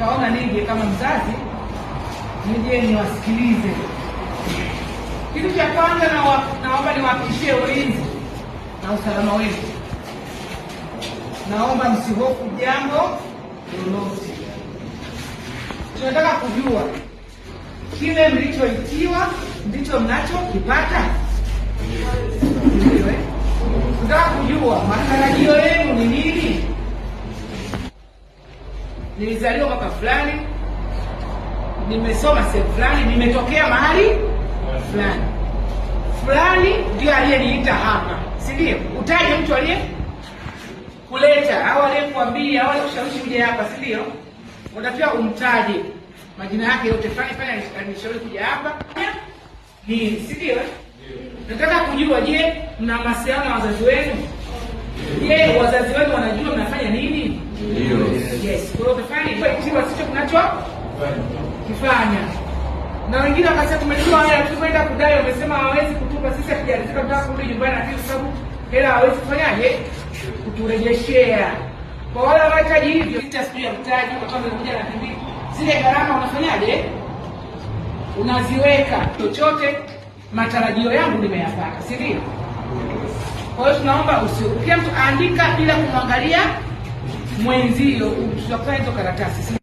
nikaona nije kama mzazi nije niwasikilize. Kitu cha kwanza naomba niwahakikishie ulinzi na usalama wenu. Naomba msihofu jambo lolote. Tunataka kujua kile mlichoitiwa ndicho mnachokipata. Eh? Tunataka kujua matarajio yenu nilizaliwa mwaka fulani, nimesoma sehemu fulani, nimetokea mahali fulani fulani, ndio aliyeniita hapa, si ndio? Utaje mtu aliye kuleta au aliyekuambia au aliyekushawishi kuja hapa, si ndio? Unatakiwa umtaje majina yake yote, fulani fulani alinishauri kuja hapa ni si ndio? Nataka kujua, je, mna mahusiano na wazazi wenu? Je, wazazi wenu wanajua mna yes, Yesu. Kwa hiyo umefanya ilikuwa kitu sicho kinachokifanya. Na wengine wakasema tumejua haya tukwenda kudai, wamesema hawezi kutupa sisi, hatujaridhika tunataka kurudi nyumbani na kwa sababu hela hawezi kufanyaje kuturejeshea. Kwa wale wanahitaji hivyo, sita siku ya mtaji kwa sababu nimekuja na kimbi. Zile gharama unafanyaje? Unaziweka chochote, matarajio yangu nimeyapata, si ndio? Kwa hiyo tunaomba usikia mtu aandika bila kumwangalia mwenzio utakazo karatasi